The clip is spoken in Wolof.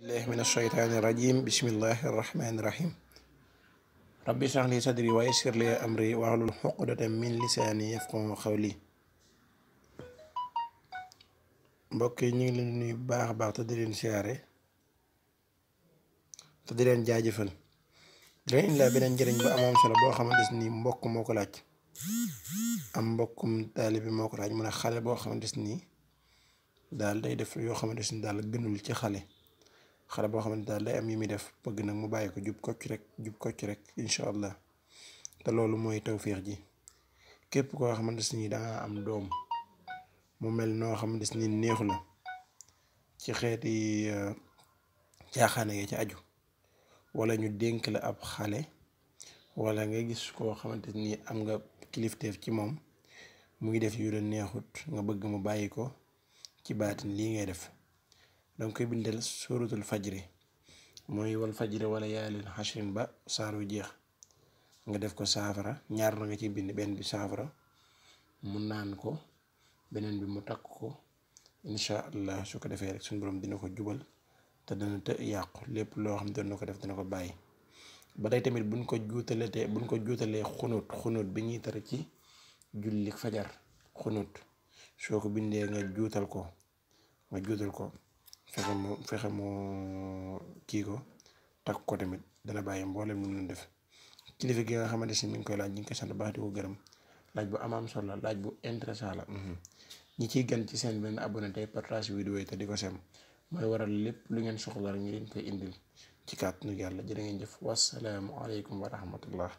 الله من الشيطان الرجيم بسم الله الرحمن الرحيم ربي اشرح لي صدري ويسر لي امري واحلل عقدة من لساني يفقهوا قولي مبوكي نيغي لي نوي باخ باخ تدين سياري تدين جاجيفال درين لا بنن جيرن بو امام سلو بو خامن ديس ني مبوك موكو لاج ام مبوكم طالب موكو لاج مونا خالي بو خامن ديس ني دال داي ديف يو خامن ديس ني دال گنول تي خالي xale boo xamante daal day am yi muy def bëgg nag mu bàyyi ko jub kocc rek jub kocc rek incha allah te loolu mooy tawféex ji képp koo xamante si ni dangaa am doom mu mel noo xamante si ni neexu la ci xeeti euh, caaxaane ya ci aju wala ñu dénk la ab xale wala nga gis koo xamante ni am nga kilifteef ci moom muy def yu la neexut nga bëgg mu bàyyi ko ci baatin lii ngay def danga koy bindal suratul fajri mooy wal fajri wala yaalin xashrin ba saar wi jeex nga def ko saafara ñaar na nga ci bind benn bi saafara mu naan ko beneen bi mu takk ko incha allah su ko defee rek suñu borom dina ko jubal te dana të yàqu lépp loo xam doon ko def dina ko bàyyi ba tey tamit buñ ko juutalee te buñ ko juutalee xunut xunut bi ñuy tar ci julli fajar xunut soo ko nga juutal ko nga juutal ko fexe moo fexe kii ko takk ko tamit dana bàyyi mboolem ñu leen def kilifa gi nga xamante si mi ngi koy laaj ñu ngi koy sant baax di ko gërëm laaj bu amaam solo laaj bu intéressant la mhm. ñi ciy gën ci seen benn abonné tey partage vidéo yi te di ko sem mooy waral lépp lu ngeen soxla rek ñu leen koy indil ci kàttanu yàlla jërë ngeen jëf wasalaamu aleykum wa rahmatullah